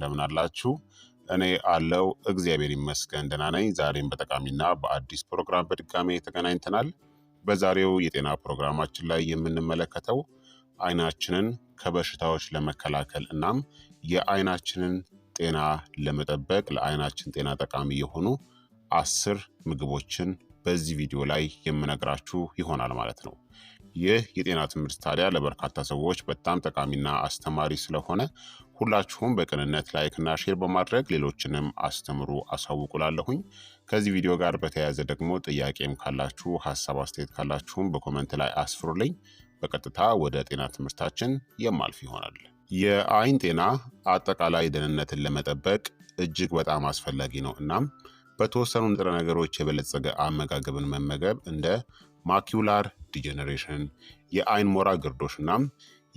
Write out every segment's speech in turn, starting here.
እንደምን አላችሁ? እኔ አለው እግዚአብሔር ይመስገን ደህና ነኝ። ዛሬም በጠቃሚና በአዲስ ፕሮግራም በድጋሜ ተገናኝተናል። በዛሬው የጤና ፕሮግራማችን ላይ የምንመለከተው አይናችንን ከበሽታዎች ለመከላከል እናም የአይናችንን ጤና ለመጠበቅ ለአይናችን ጤና ጠቃሚ የሆኑ አስር ምግቦችን በዚህ ቪዲዮ ላይ የምነግራችሁ ይሆናል ማለት ነው። ይህ የጤና ትምህርት ታዲያ ለበርካታ ሰዎች በጣም ጠቃሚና አስተማሪ ስለሆነ ሁላችሁም በቅንነት ላይክና ሼር በማድረግ ሌሎችንም አስተምሩ አሳውቁላለሁኝ። ከዚህ ቪዲዮ ጋር በተያያዘ ደግሞ ጥያቄም ካላችሁ ሀሳብ አስተያየት ካላችሁም በኮመንት ላይ አስፍሩልኝ። በቀጥታ ወደ ጤና ትምህርታችን የማልፍ ይሆናል። የአይን ጤና አጠቃላይ ደህንነትን ለመጠበቅ እጅግ በጣም አስፈላጊ ነው። እናም በተወሰኑ ንጥረ ነገሮች የበለጸገ አመጋገብን መመገብ እንደ ማኪውላር ዲጀነሬሽን፣ የአይን ሞራ ግርዶሽ እናም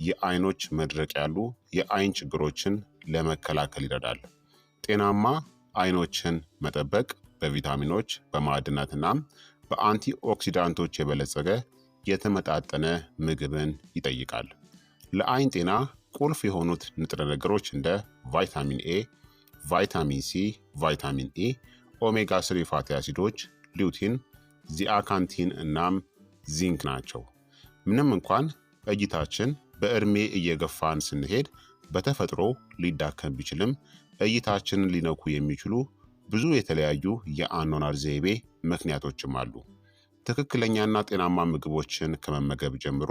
የአይኖች መድረቅ ያሉ የአይን ችግሮችን ለመከላከል ይረዳል። ጤናማ አይኖችን መጠበቅ በቪታሚኖች በማዕድናትናም በአንቲ ኦክሲዳንቶች የበለጸገ የተመጣጠነ ምግብን ይጠይቃል። ለአይን ጤና ቁልፍ የሆኑት ንጥረ ነገሮች እንደ ቫይታሚን ኤ፣ ቫይታሚን ሲ፣ ቫይታሚን ኢ፣ ኦሜጋ ስሪ ፋቲ አሲዶች፣ ሊውቲን፣ ዚአካንቲን እናም ዚንክ ናቸው። ምንም እንኳን እይታችን በእድሜ እየገፋን ስንሄድ በተፈጥሮ ሊዳከም ቢችልም እይታችንን ሊነኩ የሚችሉ ብዙ የተለያዩ የአኗኗር ዘይቤ ምክንያቶችም አሉ። ትክክለኛና ጤናማ ምግቦችን ከመመገብ ጀምሮ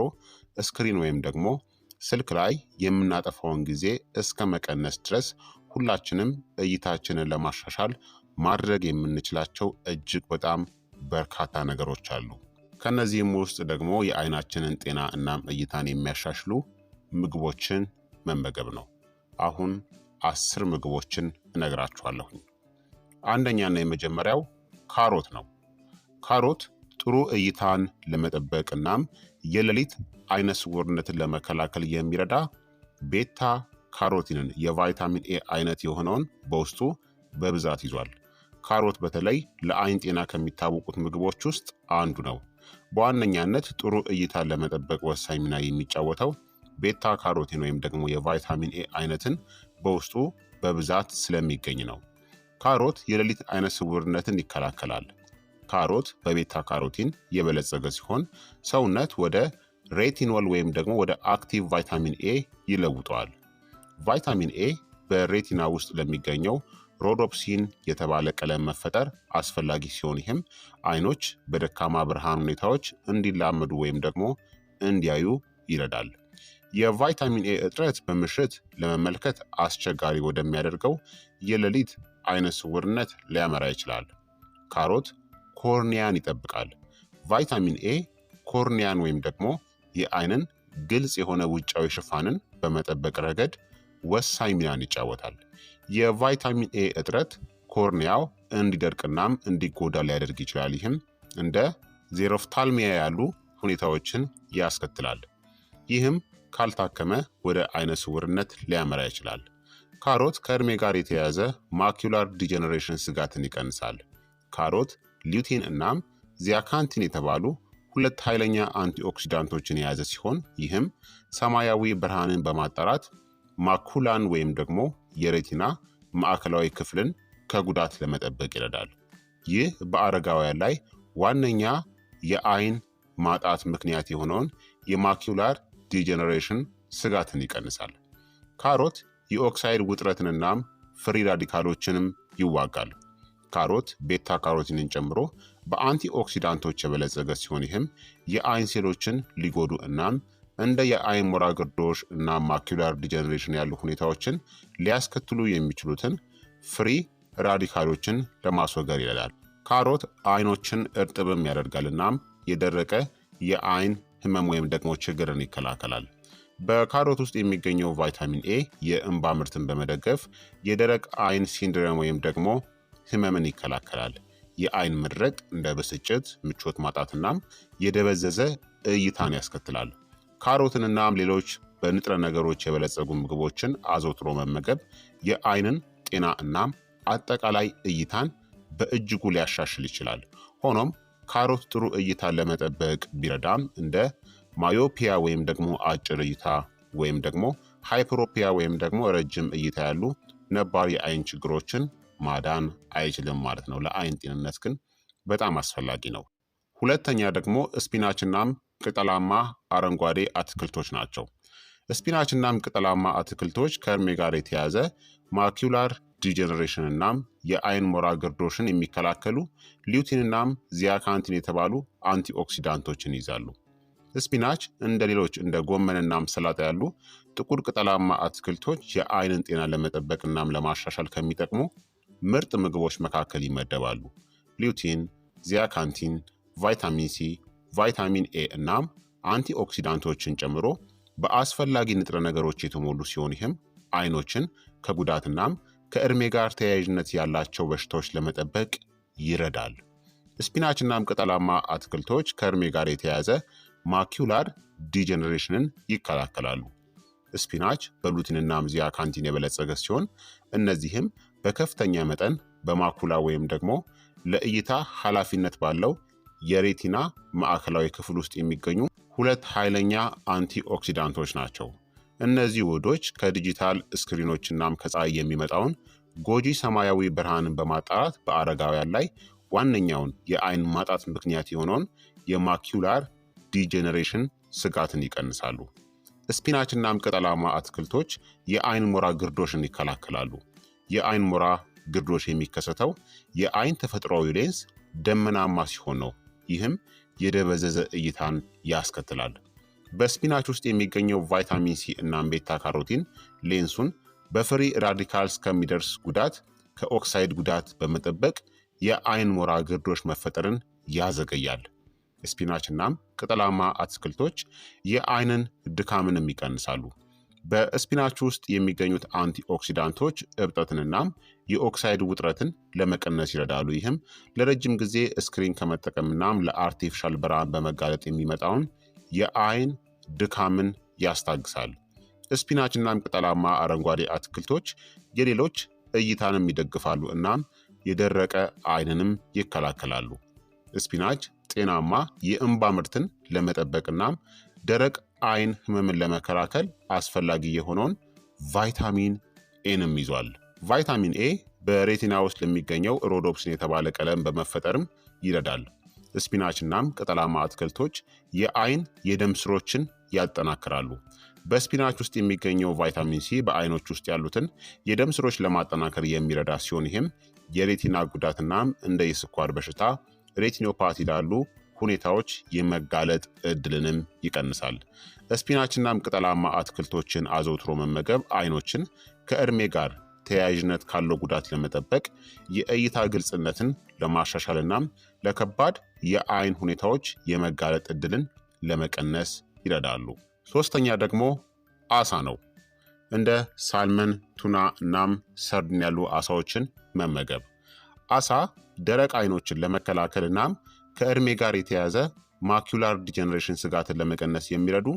ስክሪን ወይም ደግሞ ስልክ ላይ የምናጠፋውን ጊዜ እስከ መቀነስ ድረስ ሁላችንም እይታችንን ለማሻሻል ማድረግ የምንችላቸው እጅግ በጣም በርካታ ነገሮች አሉ። ከእነዚህም ውስጥ ደግሞ የአይናችንን ጤና እናም እይታን የሚያሻሽሉ ምግቦችን መመገብ ነው። አሁን አስር ምግቦችን እነግራችኋለሁኝ። አንደኛና የመጀመሪያው ካሮት ነው። ካሮት ጥሩ እይታን ለመጠበቅ እናም የሌሊት አይነ ስውርነትን ለመከላከል የሚረዳ ቤታ ካሮቲንን የቫይታሚን ኤ አይነት የሆነውን በውስጡ በብዛት ይዟል። ካሮት በተለይ ለአይን ጤና ከሚታወቁት ምግቦች ውስጥ አንዱ ነው። በዋነኛነት ጥሩ እይታን ለመጠበቅ ወሳኝ ሚና የሚጫወተው ቤታ ካሮቲን ወይም ደግሞ የቫይታሚን ኤ አይነትን በውስጡ በብዛት ስለሚገኝ ነው። ካሮት የሌሊት አይነ ስውርነትን ይከላከላል። ካሮት በቤታ ካሮቲን የበለጸገ ሲሆን ሰውነት ወደ ሬቲኖል ወይም ደግሞ ወደ አክቲቭ ቫይታሚን ኤ ይለውጠዋል። ቫይታሚን ኤ በሬቲና ውስጥ ለሚገኘው ሮዶፕሲን የተባለ ቀለም መፈጠር አስፈላጊ ሲሆን ይህም አይኖች በደካማ ብርሃን ሁኔታዎች እንዲላመዱ ወይም ደግሞ እንዲያዩ ይረዳል። የቫይታሚን ኤ እጥረት በምሽት ለመመልከት አስቸጋሪ ወደሚያደርገው የሌሊት አይነ ስውርነት ሊያመራ ይችላል። ካሮት ኮርኒያን ይጠብቃል። ቫይታሚን ኤ ኮርኒያን ወይም ደግሞ የአይንን ግልጽ የሆነ ውጫዊ ሽፋንን በመጠበቅ ረገድ ወሳኝ ሚናን ይጫወታል። የቫይታሚን ኤ እጥረት ኮርኒያው እንዲደርቅናም እንዲጎዳ ሊያደርግ ይችላል። ይህም እንደ ዜሮፍታልሚያ ያሉ ሁኔታዎችን ያስከትላል። ይህም ካልታከመ ወደ አይነ ስውርነት ሊያመራ ይችላል። ካሮት ከእድሜ ጋር የተያያዘ ማኪላር ዲጀነሬሽን ስጋትን ይቀንሳል። ካሮት ሊዩቲን እናም ዚያካንቲን የተባሉ ሁለት ኃይለኛ አንቲኦክሲዳንቶችን የያዘ ሲሆን ይህም ሰማያዊ ብርሃንን በማጣራት ማኩላን ወይም ደግሞ የሬቲና ማዕከላዊ ክፍልን ከጉዳት ለመጠበቅ ይረዳል። ይህ በአረጋውያን ላይ ዋነኛ የአይን ማጣት ምክንያት የሆነውን የማኪላር ዲጀነሬሽን ስጋትን ይቀንሳል። ካሮት የኦክሳይድ ውጥረትንናም ፍሪ ራዲካሎችንም ይዋጋል። ካሮት ቤታ ካሮቲንን ጨምሮ በአንቲ የበለጸገ ሲሆን ይህም የአይን ሴሎችን ሊጎዱ እናም እንደ የአይሞራ ግርዶሽ እና ማኪላር ዲጀኔሬሽን ያሉ ሁኔታዎችን ሊያስከትሉ የሚችሉትን ፍሪ ራዲካሎችን ለማስወገድ ይረዳል። ካሮት አይኖችን እርጥብም ያደርጋል እናም የደረቀ የአይን ህመም ወይም ደግሞ ችግርን ይከላከላል። በካሮት ውስጥ የሚገኘው ቫይታሚን ኤ የእንባ ምርትን በመደገፍ የደረቅ አይን ሲንድረም ወይም ደግሞ ህመምን ይከላከላል። የአይን መድረቅ እንደ ብስጭት፣ ምቾት ማጣትናም የደበዘዘ እይታን ያስከትላል። ካሮትንናም ሌሎች በንጥረ ነገሮች የበለጸጉ ምግቦችን አዘውትሮ መመገብ የአይንን ጤና እናም አጠቃላይ እይታን በእጅጉ ሊያሻሽል ይችላል። ሆኖም ካሮት ጥሩ እይታን ለመጠበቅ ቢረዳም እንደ ማዮፒያ ወይም ደግሞ አጭር እይታ ወይም ደግሞ ሃይፕሮፒያ ወይም ደግሞ ረጅም እይታ ያሉ ነባር የአይን ችግሮችን ማዳን አይችልም ማለት ነው። ለአይን ጤንነት ግን በጣም አስፈላጊ ነው። ሁለተኛ ደግሞ ስፒናችናም ቅጠላማ አረንጓዴ አትክልቶች ናቸው። ስፒናች እናም ቅጠላማ አትክልቶች ከእድሜ ጋር የተያዘ ማኪላር ዲጀነሬሽን እናም የአይን ሞራ ግርዶሽን የሚከላከሉ ሊዩቲን እናም ዚያካንቲን የተባሉ አንቲኦክሲዳንቶችን ይዛሉ። ስፒናች እንደ ሌሎች እንደ ጎመን እናም ሰላጣ ያሉ ጥቁር ቅጠላማ አትክልቶች የአይንን ጤና ለመጠበቅ እናም ለማሻሻል ከሚጠቅሙ ምርጥ ምግቦች መካከል ይመደባሉ። ሊዩቲን፣ ዚያካንቲን፣ ቫይታሚን ሲ ቫይታሚን ኤ እናም አንቲኦክሲዳንቶችን ጨምሮ በአስፈላጊ ንጥረ ነገሮች የተሞሉ ሲሆን ይህም አይኖችን ከጉዳት ከእድሜ ጋር ተያያዥነት ያላቸው በሽታዎች ለመጠበቅ ይረዳል። ስፒናች እናም ቅጠላማ አትክልቶች ከእድሜ ጋር የተያያዘ ማኪውላር ዲጀኔሬሽንን ይከላከላሉ። ስፒናች በሉቲንና ምዚያ ካንቲን የበለጸገ ሲሆን እነዚህም በከፍተኛ መጠን በማኩላ ወይም ደግሞ ለእይታ ኃላፊነት ባለው የሬቲና ማዕከላዊ ክፍል ውስጥ የሚገኙ ሁለት ኃይለኛ አንቲኦክሲዳንቶች ናቸው። እነዚህ ውህዶች ከዲጂታል ስክሪኖችናም ከፀሐይ የሚመጣውን ጎጂ ሰማያዊ ብርሃንን በማጣራት በአረጋውያን ላይ ዋነኛውን የአይን ማጣት ምክንያት የሆነውን የማኪውላር ዲጀኔሬሽን ስጋትን ይቀንሳሉ። ስፒናችናም ቅጠላማ አትክልቶች የአይን ሞራ ግርዶሽን ይከላከላሉ። የአይን ሞራ ግርዶሽ የሚከሰተው የአይን ተፈጥሯዊ ሌንስ ደመናማ ሲሆን ነው። ይህም የደበዘዘ እይታን ያስከትላል። በስፒናች ውስጥ የሚገኘው ቫይታሚን ሲ እና ቤታ ካሮቲን ሌንሱን በፍሪ ራዲካልስ ከሚደርስ ጉዳት ከኦክሳይድ ጉዳት በመጠበቅ የአይን ሞራ ግርዶች መፈጠርን ያዘገያል። ስፒናች እናም ቅጠላማ አትክልቶች የአይንን ድካምንም ይቀንሳሉ። በስፒናች ውስጥ የሚገኙት አንቲ ኦክሲዳንቶች እብጠትንናም የኦክሳይድ ውጥረትን ለመቀነስ ይረዳሉ። ይህም ለረጅም ጊዜ ስክሪን ከመጠቀምናም ለአርቲፊሻል ብርሃን በመጋለጥ የሚመጣውን የአይን ድካምን ያስታግሳል። ስፒናች ቅጠላማ አረንጓዴ አትክልቶች የሌሎች እይታንም ይደግፋሉ እናም የደረቀ አይንንም ይከላከላሉ። ስፒናች ጤናማ የእንባ ምርትን ለመጠበቅናም ደረቅ አይን ህመምን ለመከላከል አስፈላጊ የሆነውን ቫይታሚን ኤንም ይዟል። ቫይታሚን ኤ በሬቲና ውስጥ ለሚገኘው ሮዶፕሲን የተባለ ቀለም በመፈጠርም ይረዳል። ስፒናች እናም ቅጠላማ አትክልቶች የአይን የደም ስሮችን ያጠናክራሉ። በስፒናች ውስጥ የሚገኘው ቫይታሚን ሲ በአይኖች ውስጥ ያሉትን የደም ስሮች ለማጠናከር የሚረዳ ሲሆን ይህም የሬቲና ጉዳትናም እንደ የስኳር በሽታ ሬቲኖፓቲ ላሉ ሁኔታዎች የመጋለጥ እድልንም ይቀንሳል። ስፒናችናም ቅጠላማ አትክልቶችን አዘውትሮ መመገብ አይኖችን ከእድሜ ጋር ተያያዥነት ካለው ጉዳት ለመጠበቅ የእይታ ግልጽነትን ለማሻሻልናም ለከባድ የአይን ሁኔታዎች የመጋለጥ እድልን ለመቀነስ ይረዳሉ። ሶስተኛ ደግሞ አሳ ነው። እንደ ሳልመን፣ ቱና እናም ሰርድን ያሉ አሳዎችን መመገብ አሳ ደረቅ አይኖችን ለመከላከል እናም ከእድሜ ጋር የተያያዘ ማኪላር ዲጀነሬሽን ስጋትን ለመቀነስ የሚረዱ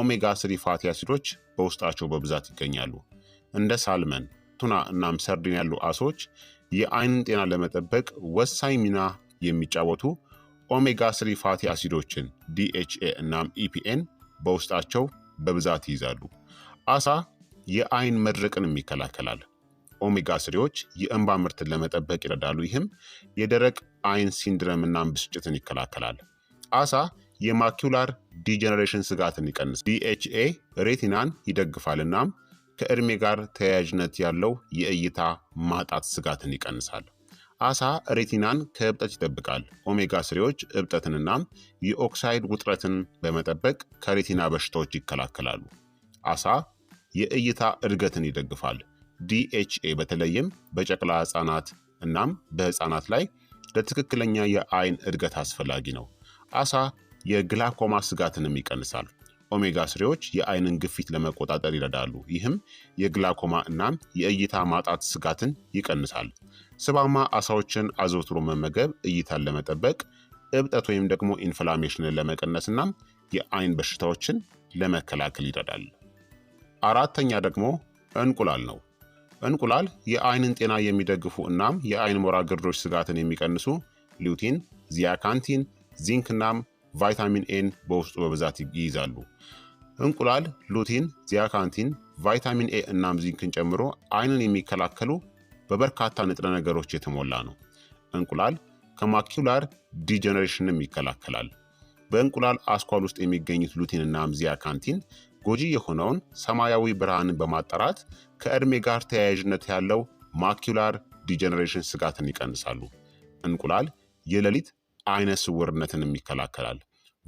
ኦሜጋ ስሪ ፋቲ አሲዶች በውስጣቸው በብዛት ይገኛሉ። እንደ ሳልመን፣ ቱና እናም ሰርድን ያሉ አሶች የአይንን ጤና ለመጠበቅ ወሳኝ ሚና የሚጫወቱ ኦሜጋ ስሪ ፋቲ አሲዶችን ዲኤችኤ እናም ኢፒኤን በውስጣቸው በብዛት ይይዛሉ። አሳ የአይን መድረቅንም ይከላከላል። ኦሜጋ ስሪዎች የእንባ ምርትን ለመጠበቅ ይረዳሉ። ይህም የደረቅ አይን ሲንድረም እና ብስጭትን ይከላከላል። አሳ የማኪውላር ዲጀነሬሽን ስጋትን ይቀንስ፣ ዲኤችኤ ሬቲናን ይደግፋል እናም ከእድሜ ጋር ተያያዥነት ያለው የእይታ ማጣት ስጋትን ይቀንሳል። አሳ ሬቲናን ከእብጠት ይጠብቃል። ኦሜጋ ስሪዎች እብጠትንና የኦክሳይድ ውጥረትን በመጠበቅ ከሬቲና በሽታዎች ይከላከላሉ። አሳ የእይታ እድገትን ይደግፋል። ዲኤችኤ በተለይም በጨቅላ ህጻናት እናም በህፃናት ላይ ለትክክለኛ የአይን እድገት አስፈላጊ ነው። አሳ የግላኮማ ስጋትንም ይቀንሳል። ኦሜጋ ስሬዎች የአይንን ግፊት ለመቆጣጠር ይረዳሉ። ይህም የግላኮማ እናም የእይታ ማጣት ስጋትን ይቀንሳል። ስባማ አሳዎችን አዘውትሮ መመገብ እይታን ለመጠበቅ እብጠት ወይም ደግሞ ኢንፍላሜሽንን ለመቀነስ እናም የአይን በሽታዎችን ለመከላከል ይረዳል። አራተኛ ደግሞ እንቁላል ነው። እንቁላል የአይንን ጤና የሚደግፉ እናም የአይን ሞራ ግርዶች ስጋትን የሚቀንሱ ሊውቲን፣ ዚያካንቲን፣ ዚንክ እናም ቫይታሚን ኤን በውስጡ በብዛት ይይዛሉ። እንቁላል ሉቲን፣ ዚያካንቲን፣ ቫይታሚን ኤ እናም ዚንክን ጨምሮ አይንን የሚከላከሉ በበርካታ ንጥረ ነገሮች የተሞላ ነው። እንቁላል ከማኪውላር ዲጀነሬሽንም ይከላከላል። በእንቁላል አስኳል ውስጥ የሚገኙት ሉቲን እናም ዚያካንቲን ጎጂ የሆነውን ሰማያዊ ብርሃንን በማጣራት ከእድሜ ጋር ተያያዥነት ያለው ማኪላር ዲጀነሬሽን ስጋትን ይቀንሳሉ። እንቁላል የሌሊት አይነ ስውርነትንም ይከላከላል።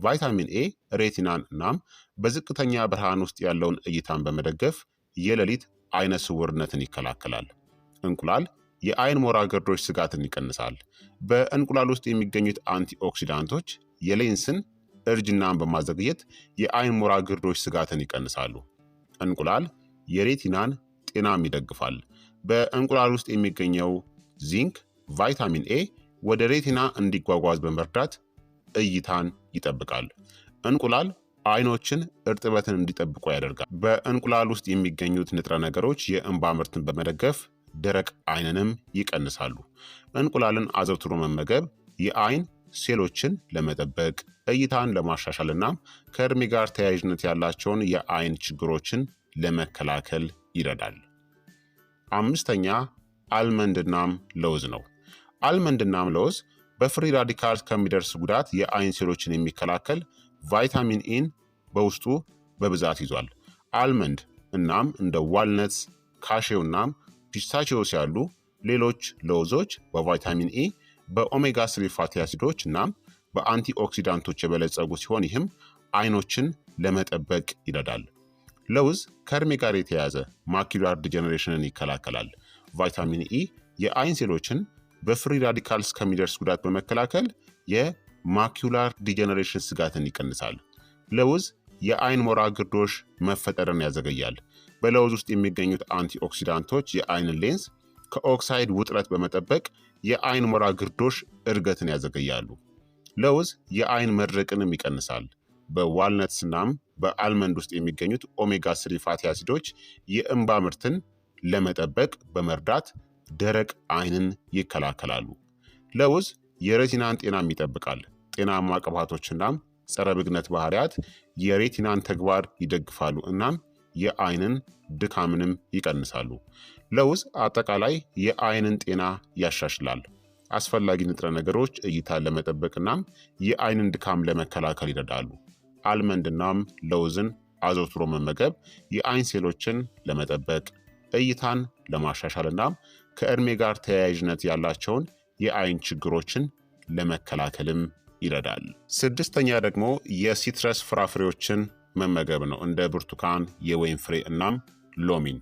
ቫይታሚን ኤ ሬቲናን እናም በዝቅተኛ ብርሃን ውስጥ ያለውን እይታን በመደገፍ የሌሊት አይነ ስውርነትን ይከላከላል። እንቁላል የአይን ሞራ ገርዶች ስጋትን ይቀንሳል። በእንቁላል ውስጥ የሚገኙት አንቲ ኦክሲዳንቶች የሌንስን እርጅናን በማዘግየት የአይሞራ ግርዶች ስጋትን ይቀንሳሉ። እንቁላል የሬቲናን ጤናም ይደግፋል። በእንቁላል ውስጥ የሚገኘው ዚንክ ቫይታሚን ኤ ወደ ሬቲና እንዲጓጓዝ በመርዳት እይታን ይጠብቃል። እንቁላል አይኖችን እርጥበትን እንዲጠብቁ ያደርጋል። በእንቁላል ውስጥ የሚገኙት ንጥረ ነገሮች የእንባ ምርትን በመደገፍ ደረቅ አይንንም ይቀንሳሉ። እንቁላልን አዘውትሮ መመገብ የአይን ሴሎችን ለመጠበቅ እይታን ለማሻሻልና ከእድሜ ጋር ተያያዥነት ያላቸውን የአይን ችግሮችን ለመከላከል ይረዳል። አምስተኛ አልመንድናም ለውዝ ነው። አልመንድናም ለውዝ በፍሪ ራዲካልስ ከሚደርስ ጉዳት የአይን ሴሎችን የሚከላከል ቫይታሚን ኢን በውስጡ በብዛት ይዟል። አልመንድ እናም እንደ ዋልነት፣ ካሼው እናም ያሉ ሌሎች ለውዞች በቫይታሚን ኢ በኦሜጋ ስሪ ፋቲ አሲዶች እና በአንቲ ኦክሲዳንቶች የበለጸጉ ሲሆን ይህም አይኖችን ለመጠበቅ ይረዳል። ለውዝ ከእድሜ ጋር የተያያዘ ማኪላር ዲጀነሬሽንን ይከላከላል። ቫይታሚን ኢ የአይን ሴሎችን በፍሪ ራዲካልስ ከሚደርስ ጉዳት በመከላከል የማኪላር ዲጀነሬሽን ስጋትን ይቀንሳል። ለውዝ የአይን ሞራ ግርዶሽ መፈጠርን ያዘገያል። በለውዝ ውስጥ የሚገኙት አንቲኦክሲዳንቶች የአይን ሌንስ ከኦክሳይድ ውጥረት በመጠበቅ የአይን ሞራ ግርዶሽ እድገትን ያዘገያሉ። ለውዝ የአይን መድረቅንም ይቀንሳል። በዋልነትስናም በአልመንድ ውስጥ የሚገኙት ኦሜጋ ስሪ ፋቲ አሲዶች የእንባ ምርትን ለመጠበቅ በመርዳት ደረቅ አይንን ይከላከላሉ። ለውዝ የሬቲናን ጤናም ይጠብቃል። ጤናማ ቅባቶችናም ጸረ ብግነት ባህሪያት የሬቲናን ተግባር ይደግፋሉ እናም የአይንን ድካምንም ይቀንሳሉ። ለውዝ አጠቃላይ የአይንን ጤና ያሻሽላል። አስፈላጊ ንጥረ ነገሮች እይታን ለመጠበቅናም የአይንን ድካም ለመከላከል ይረዳሉ። አልመንድናም ለውዝን አዘውትሮ መመገብ የአይን ሴሎችን ለመጠበቅ እይታን ለማሻሻልናም ከእድሜ ጋር ተያያዥነት ያላቸውን የአይን ችግሮችን ለመከላከልም ይረዳል። ስድስተኛ ደግሞ የሲትረስ ፍራፍሬዎችን መመገብ ነው፣ እንደ ብርቱካን፣ የወይን ፍሬ እናም ሎሚን።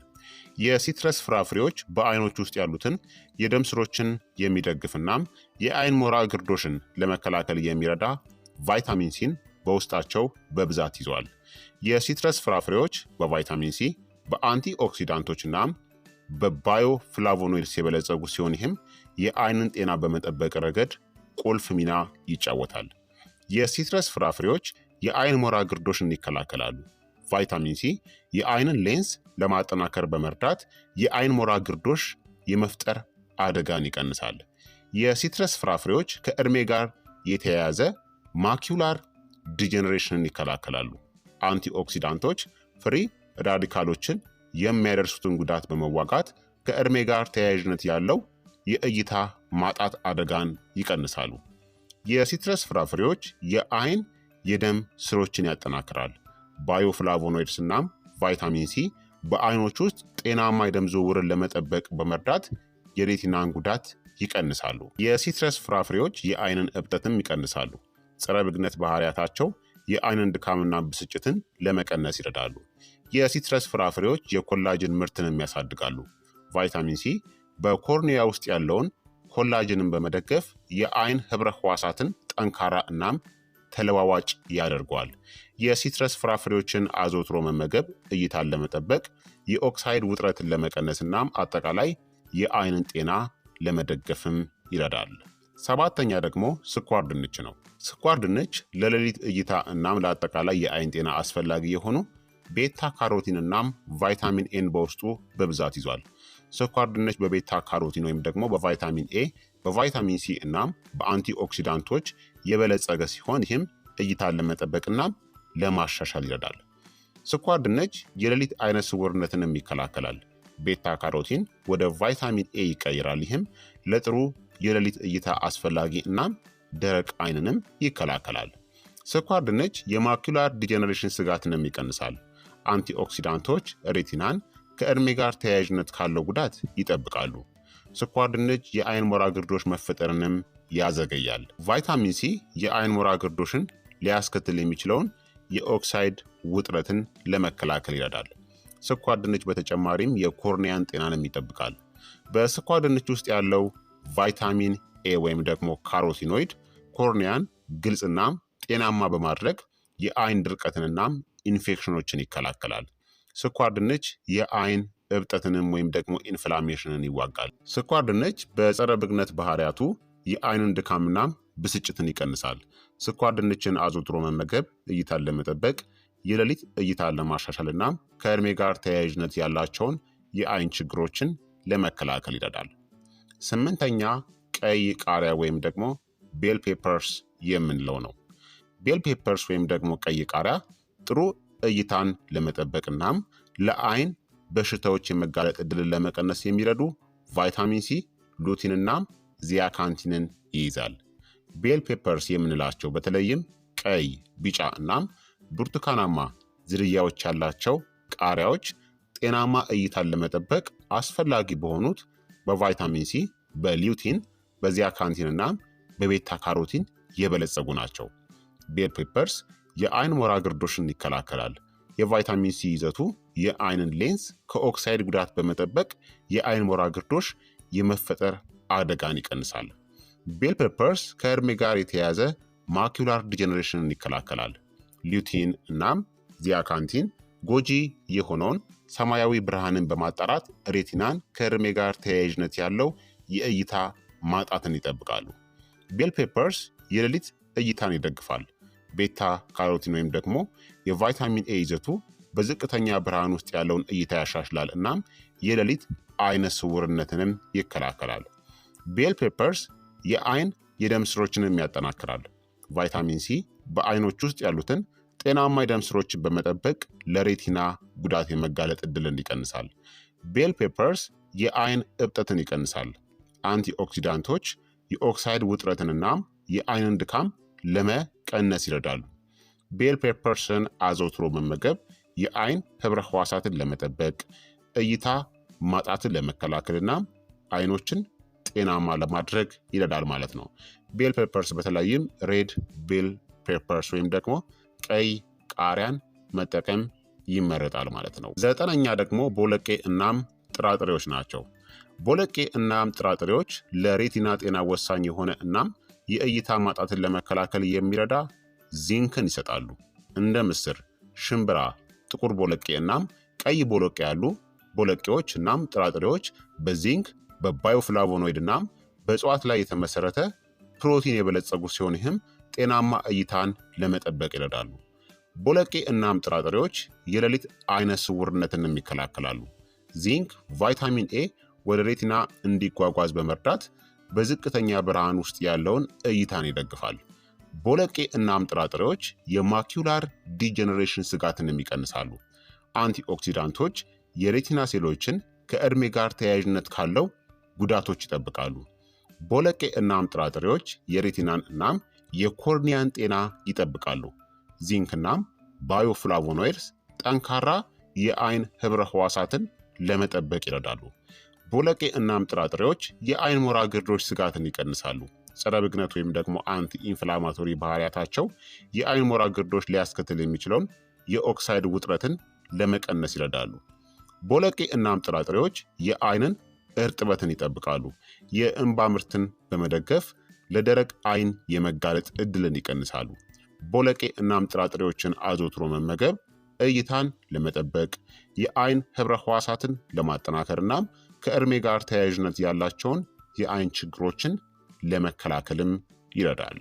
የሲትረስ ፍራፍሬዎች በአይኖች ውስጥ ያሉትን የደም ስሮችን የሚደግፍ የአይን ሞራ ግርዶሽን ለመከላከል የሚረዳ ቫይታሚን ሲን በውስጣቸው በብዛት ይዟል። የሲትረስ ፍራፍሬዎች በቫይታሚን ሲ በአንቲ ኦክሲዳንቶች እናም በባዮ ፍላቮኖይድስ የበለጸጉ ሲሆን ይህም የአይንን ጤና በመጠበቅ ረገድ ቁልፍ ሚና ይጫወታል። የሲትረስ ፍራፍሬዎች የአይን ሞራ ግርዶሽን ይከላከላሉ። ቫይታሚን ሲ የአይንን ሌንስ ለማጠናከር በመርዳት የአይን ሞራ ግርዶሽ የመፍጠር አደጋን ይቀንሳል። የሲትረስ ፍራፍሬዎች ከእድሜ ጋር የተያያዘ ማኪውላር ዲጀኔሬሽንን ይከላከላሉ። አንቲኦክሲዳንቶች ፍሪ ራዲካሎችን የሚያደርሱትን ጉዳት በመዋጋት ከእድሜ ጋር ተያያዥነት ያለው የእይታ ማጣት አደጋን ይቀንሳሉ። የሲትረስ ፍራፍሬዎች የአይን የደም ስሮችን ያጠናክራል። ባዮፍላቮኖይድስ እናም ቫይታሚን ሲ በአይኖች ውስጥ ጤናማ የደም ዝውውርን ለመጠበቅ በመርዳት የሬቲናን ጉዳት ይቀንሳሉ። የሲትረስ ፍራፍሬዎች የአይንን እብጠትም ይቀንሳሉ። ጸረ ብግነት ባህሪያታቸው የአይንን ድካምና ብስጭትን ለመቀነስ ይረዳሉ። የሲትረስ ፍራፍሬዎች የኮላጅን ምርትንም ያሳድጋሉ። ቫይታሚን ሲ በኮርኒያ ውስጥ ያለውን ኮላጅንን በመደገፍ የአይን ህብረ ህዋሳትን ጠንካራ እናም ተለዋዋጭ ያደርገዋል። የሲትረስ ፍራፍሬዎችን አዘውትሮ መመገብ እይታን ለመጠበቅ የኦክሳይድ ውጥረትን ለመቀነስ እናም አጠቃላይ የአይንን ጤና ለመደገፍም ይረዳል። ሰባተኛ ደግሞ ስኳር ድንች ነው። ስኳር ድንች ለሌሊት እይታ እናም ለአጠቃላይ የአይን ጤና አስፈላጊ የሆኑ ቤታ ካሮቲን እናም ቫይታሚን ኤን በውስጡ በብዛት ይዟል። ስኳር ድንች በቤታ ካሮቲን ወይም ደግሞ በቫይታሚን ኤ፣ በቫይታሚን ሲ እናም በአንቲ ኦክሲዳንቶች የበለጸገ ሲሆን ይህም እይታን ለመጠበቅና ለማሻሻል ይረዳል። ስኳር ድንች የሌሊት አይነ ስውርነትንም ይከላከላል። ቤታ ካሮቲን ወደ ቫይታሚን ኤ ይቀይራል። ይህም ለጥሩ የሌሊት እይታ አስፈላጊ እናም ደረቅ አይንንም ይከላከላል። ስኳር ድንች የማኩላር ዲጀነሬሽን ስጋትንም ይቀንሳል። አንቲኦክሲዳንቶች ሬቲናን ከእድሜ ጋር ተያያዥነት ካለው ጉዳት ይጠብቃሉ። ስኳር ድንች የአይን ሞራ ግርዶች መፈጠርንም ያዘገያል። ቫይታሚን ሲ የአይን ሞራ ግርዶሽን ሊያስከትል የሚችለውን የኦክሳይድ ውጥረትን ለመከላከል ይረዳል። ስኳር ድንች በተጨማሪም የኮርኒያን ጤናንም ይጠብቃል። በስኳር ድንች ውስጥ ያለው ቫይታሚን ኤ ወይም ደግሞ ካሮቲኖይድ ኮርኒያን ግልጽና ጤናማ በማድረግ የአይን ድርቀትንናም ኢንፌክሽኖችን ይከላከላል። ስኳር ድንች የአይን እብጠትንም ወይም ደግሞ ኢንፍላሜሽንን ይዋጋል። ስኳር ድንች በጸረ ብግነት ባህሪያቱ የአይንን ድካምና ብስጭትን ይቀንሳል። ስኳር ድንችን አዘውትሮ መመገብ እይታን ለመጠበቅ የሌሊት እይታን ለማሻሻልና ከእድሜ ጋር ተያያዥነት ያላቸውን የአይን ችግሮችን ለመከላከል ይረዳል። ስምንተኛ ቀይ ቃሪያ ወይም ደግሞ ቤል ፔፐርስ የምንለው ነው። ቤል ፔፐርስ ወይም ደግሞ ቀይ ቃሪያ ጥሩ እይታን እናም ለአይን በሽታዎች የመጋለጥ እድልን ለመቀነስ የሚረዱ ቫይታሚን ሲ፣ ሉቲንና ዚያካንቲንን ይይዛል። ቤል ፔፐርስ የምንላቸው በተለይም ቀይ፣ ቢጫ እናም ብርቱካናማ ዝርያዎች ያላቸው ቃሪያዎች ጤናማ እይታን ለመጠበቅ አስፈላጊ በሆኑት በቫይታሚን ሲ፣ በሊዩቲን፣ በዚያካንቲን እናም በቤታ ካሮቲን የበለጸጉ ናቸው። ቤል ፔፐርስ የአይን ሞራ ግርዶሽን ይከላከላል። የቫይታሚን ሲ ይዘቱ የአይንን ሌንስ ከኦክሳይድ ጉዳት በመጠበቅ የአይን ሞራ ግርዶሽ የመፈጠር አደጋን ይቀንሳል። ቤል ፔፐርስ ከእድሜ ጋር የተያያዘ ማኪላር ዲጀነሬሽንን ይከላከላል። ሊቲን እናም ዚያካንቲን ጎጂ የሆነውን ሰማያዊ ብርሃንን በማጣራት ሬቲናን ከእድሜ ጋር ተያያዥነት ያለው የእይታ ማጣትን ይጠብቃሉ። ቤል ፔፐርስ የሌሊት እይታን ይደግፋል። ቤታ ካሮቲን ወይም ደግሞ የቫይታሚን ኤ ይዘቱ በዝቅተኛ ብርሃን ውስጥ ያለውን እይታ ያሻሽላል እናም የሌሊት አይነ ስውርነትንም ይከላከላል። ቤል ፔፐርስ የአይን የደም ስሮችንም ያጠናክራል። ቫይታሚን ሲ በአይኖች ውስጥ ያሉትን ጤናማ የደም ስሮችን በመጠበቅ ለሬቲና ጉዳት የመጋለጥ እድልን ይቀንሳል። ቤል ፔፐርስ የአይን እብጠትን ይቀንሳል። አንቲኦክሲዳንቶች የኦክሳይድ ውጥረትንና የአይንን ድካም ለመቀነስ ይረዳሉ። ቤል ፔፐርስን አዘውትሮ መመገብ የአይን ህብረ ህዋሳትን ለመጠበቅ እይታ ማጣትን ለመከላከልና አይኖችን ጤናማ ለማድረግ ይረዳል ማለት ነው። ቤል ፔፐርስ በተለይም ሬድ ቤል ፔፐርስ ወይም ደግሞ ቀይ ቃሪያን መጠቀም ይመረጣል ማለት ነው። ዘጠነኛ ደግሞ ቦለቄ እናም ጥራጥሬዎች ናቸው። ቦለቄ እናም ጥራጥሬዎች ለሬቲና ጤና ወሳኝ የሆነ እናም የእይታ ማጣትን ለመከላከል የሚረዳ ዚንክን ይሰጣሉ። እንደ ምስር፣ ሽምብራ፣ ጥቁር ቦለቄ እናም ቀይ ቦለቄ ያሉ ቦለቄዎች እናም ጥራጥሬዎች በዚንክ በባዮፍላቮኖይድ በእጽዋት ላይ የተመሰረተ ፕሮቲን የበለጸጉ ሲሆን ይህም ጤናማ እይታን ለመጠበቅ ይረዳሉ። ቦለቄ እናም ጥራጥሬዎች የሌሊት አይነ ስውርነትንም ይከላከላሉ። ዚንክ፣ ቫይታሚን ኤ ወደ ሬቲና እንዲጓጓዝ በመርዳት በዝቅተኛ ብርሃን ውስጥ ያለውን እይታን ይደግፋል። ቦለቄ እናም ጥራጥሬዎች የማኪውላር ዲጀነሬሽን ስጋትንም ይቀንሳሉ። አንቲ ኦክሲዳንቶች የሬቲና ሴሎችን ከእድሜ ጋር ተያያዥነት ካለው ጉዳቶች ይጠብቃሉ። ቦለቄ እናም ጥራጥሬዎች የሬቲናን እናም የኮርኒያን ጤና ይጠብቃሉ። ዚንክ እናም ባዮፍላቮኖይድስ ጠንካራ የአይን ህብረ ህዋሳትን ለመጠበቅ ይረዳሉ። ቦለቄ እናም ጥራጥሬዎች የአይን ሞራ ግርዶች ስጋትን ይቀንሳሉ። ጸረ ብግነት ወይም ደግሞ አንቲ ኢንፍላማቶሪ ባህሪያታቸው የአይን ሞራ ግርዶች ሊያስከትል የሚችለውን የኦክሳይድ ውጥረትን ለመቀነስ ይረዳሉ። ቦለቄ እናም ጥራጥሬዎች የአይንን እርጥበትን ይጠብቃሉ። የእንባ ምርትን በመደገፍ ለደረቅ አይን የመጋለጥ እድልን ይቀንሳሉ። ቦለቄ እናም ጥራጥሬዎችን አዘውትሮ መመገብ እይታን ለመጠበቅ የአይን ህብረ ህዋሳትን ለማጠናከር እናም ከእድሜ ጋር ተያያዥነት ያላቸውን የአይን ችግሮችን ለመከላከልም ይረዳል።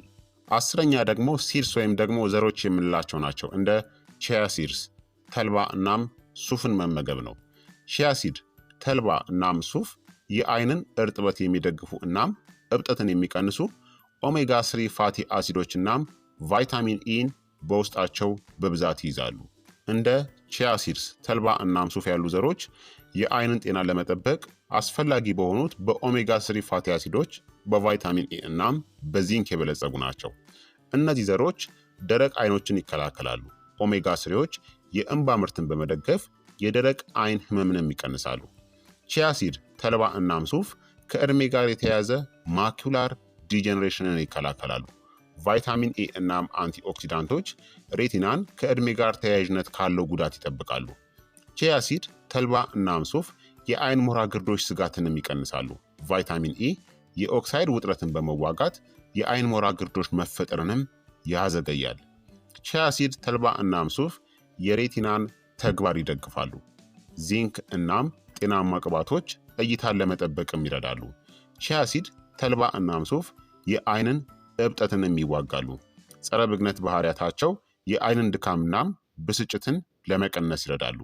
አስረኛ ደግሞ ሲርስ ወይም ደግሞ ዘሮች የምንላቸው ናቸው። እንደ ቺያ ሲርስ፣ ተልባ እናም ሱፍን መመገብ ነው። ቺያ ሲድ፣ ተልባ እናም ሱፍ የአይንን እርጥበት የሚደግፉ እናም እብጠትን የሚቀንሱ ኦሜጋ ስሪ ፋቲ አሲዶች እናም ቫይታሚን ኢን በውስጣቸው በብዛት ይይዛሉ። እንደ ቺያ ሲድስ፣ ተልባ እናም ሱፍ ያሉ ዘሮች የአይንን ጤና ለመጠበቅ አስፈላጊ በሆኑት በኦሜጋ ስሪ ፋቲ አሲዶች፣ በቫይታሚን ኤ እናም በዚንክ የበለጸጉ ናቸው። እነዚህ ዘሮች ደረቅ አይኖችን ይከላከላሉ። ኦሜጋ ስሪዎች የእንባ ምርትን በመደገፍ የደረቅ አይን ህመምንም ይቀንሳሉ። ቺያሲድ ተልባ እናም ሱፍ ከእድሜ ጋር የተያያዘ ማኩላር ዲጀነሬሽንን ይከላከላሉ። ቫይታሚን ኤ እናም አንቲኦክሲዳንቶች ሬቲናን ከእድሜ ጋር ተያያዥነት ካለው ጉዳት ይጠብቃሉ። ቺያ ሲድ፣ ተልባ እናም ሱፍ የአይን ሞራ ግርዶች ስጋትንም ይቀንሳሉ። ቫይታሚን ኤ የኦክሳይድ ውጥረትን በመዋጋት የአይን ሞራ ግርዶች መፈጠርንም ያዘገያል። ቺያ ሲድ፣ ተልባ እናም ሱፍ የሬቲናን ተግባር ይደግፋሉ። ዚንክ እናም ጤናማ ቅባቶች እይታን ለመጠበቅም ይረዳሉ። ሺያ አሲድ ተልባ እና ምሶፍ የአይንን እብጠትንም ይዋጋሉ። ጸረ ብግነት ባህሪያታቸው የአይንን ድካምናም ብስጭትን ለመቀነስ ይረዳሉ።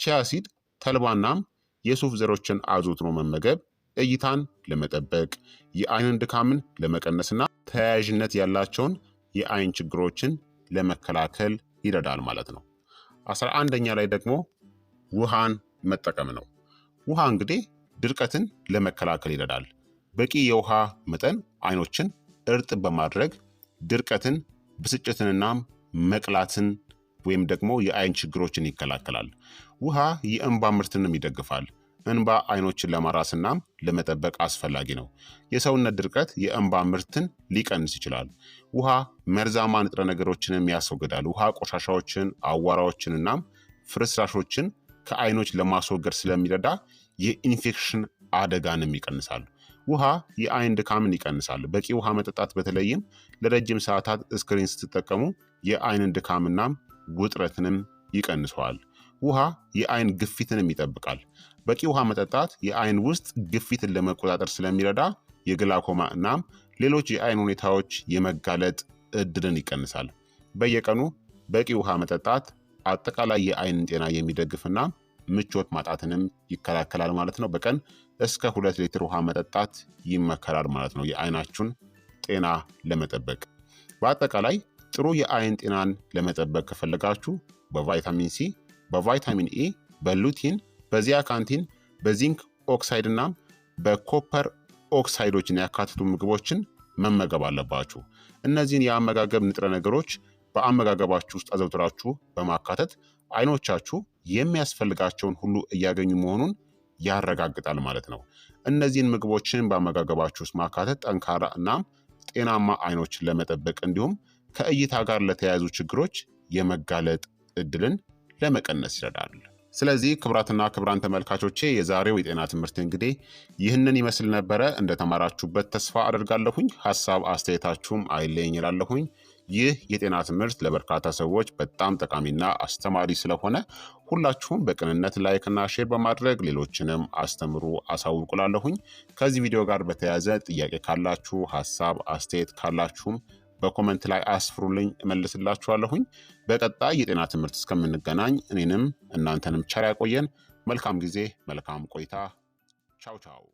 ቺያ አሲድ ተልባናም የሱፍ ዘሮችን አዘውትሮ መመገብ እይታን ለመጠበቅ የአይንን ድካምን ለመቀነስና ተያያዥነት ያላቸውን የአይን ችግሮችን ለመከላከል ይረዳል ማለት ነው። አስራ አንደኛ ላይ ደግሞ ውሃን መጠቀም ነው። ውሃ እንግዲህ ድርቀትን ለመከላከል ይረዳል። በቂ የውሃ መጠን አይኖችን እርጥብ በማድረግ ድርቀትን፣ ብስጭትንናም መቅላትን ወይም ደግሞ የአይን ችግሮችን ይከላከላል። ውሃ የእንባ ምርትንም ይደግፋል። እንባ አይኖችን ለማራስናም ለመጠበቅ አስፈላጊ ነው። የሰውነት ድርቀት የእንባ ምርትን ሊቀንስ ይችላል። ውሃ መርዛማ ንጥረ ነገሮችንም ያስወግዳል። ውሃ ቆሻሻዎችን፣ አዋራዎችንናም ፍርስራሾችን ከአይኖች ለማስወገድ ስለሚረዳ የኢንፌክሽን አደጋንም ይቀንሳሉ። ውሃ የአይን ድካምን ይቀንሳል። በቂ ውሃ መጠጣት በተለይም ለረጅም ሰዓታት ስክሪን ስትጠቀሙ የአይንን ድካምናም ውጥረትንም ይቀንሰዋል። ውሃ የአይን ግፊትንም ይጠብቃል። በቂ ውሃ መጠጣት የአይን ውስጥ ግፊትን ለመቆጣጠር ስለሚረዳ የግላኮማ እናም ሌሎች የአይን ሁኔታዎች የመጋለጥ እድልን ይቀንሳል። በየቀኑ በቂ ውሃ መጠጣት አጠቃላይ የአይን ጤና የሚደግፍና ምቾት ማጣትንም ይከላከላል ማለት ነው። በቀን እስከ ሁለት ሊትር ውሃ መጠጣት ይመከራል ማለት ነው የአይናችሁን ጤና ለመጠበቅ። በአጠቃላይ ጥሩ የአይን ጤናን ለመጠበቅ ከፈለጋችሁ በቫይታሚን ሲ፣ በቫይታሚን ኤ፣ በሉቲን፣ በዚያካንቲን፣ በዚንክ ኦክሳይድ እና በኮፐር ኦክሳይዶችን ያካትቱ ምግቦችን መመገብ አለባችሁ። እነዚህን የአመጋገብ ንጥረ ነገሮች በአመጋገባችሁ ውስጥ አዘውትራችሁ በማካተት አይኖቻችሁ የሚያስፈልጋቸውን ሁሉ እያገኙ መሆኑን ያረጋግጣል ማለት ነው። እነዚህን ምግቦችን በአመጋገባችሁ ውስጥ ማካተት ጠንካራ እናም ጤናማ አይኖችን ለመጠበቅ እንዲሁም ከእይታ ጋር ለተያያዙ ችግሮች የመጋለጥ እድልን ለመቀነስ ይረዳል። ስለዚህ ክብራትና ክብራን ተመልካቾቼ የዛሬው የጤና ትምህርት እንግዲህ ይህንን ይመስል ነበረ። እንደተማራችሁበት ተስፋ አደርጋለሁኝ። ሀሳብ አስተያየታችሁም አይለኝ ይላለሁኝ። ይህ የጤና ትምህርት ለበርካታ ሰዎች በጣም ጠቃሚና አስተማሪ ስለሆነ ሁላችሁም በቅንነት ላይክና ሼር በማድረግ ሌሎችንም አስተምሩ አሳውቁላለሁኝ። ከዚህ ቪዲዮ ጋር በተያያዘ ጥያቄ ካላችሁ፣ ሀሳብ አስተያየት ካላችሁም በኮመንት ላይ አስፍሩልኝ፣ እመልስላችኋለሁኝ። በቀጣይ የጤና ትምህርት እስከምንገናኝ እኔንም እናንተንም ቸር ያቆየን። መልካም ጊዜ፣ መልካም ቆይታ። ቻው ቻው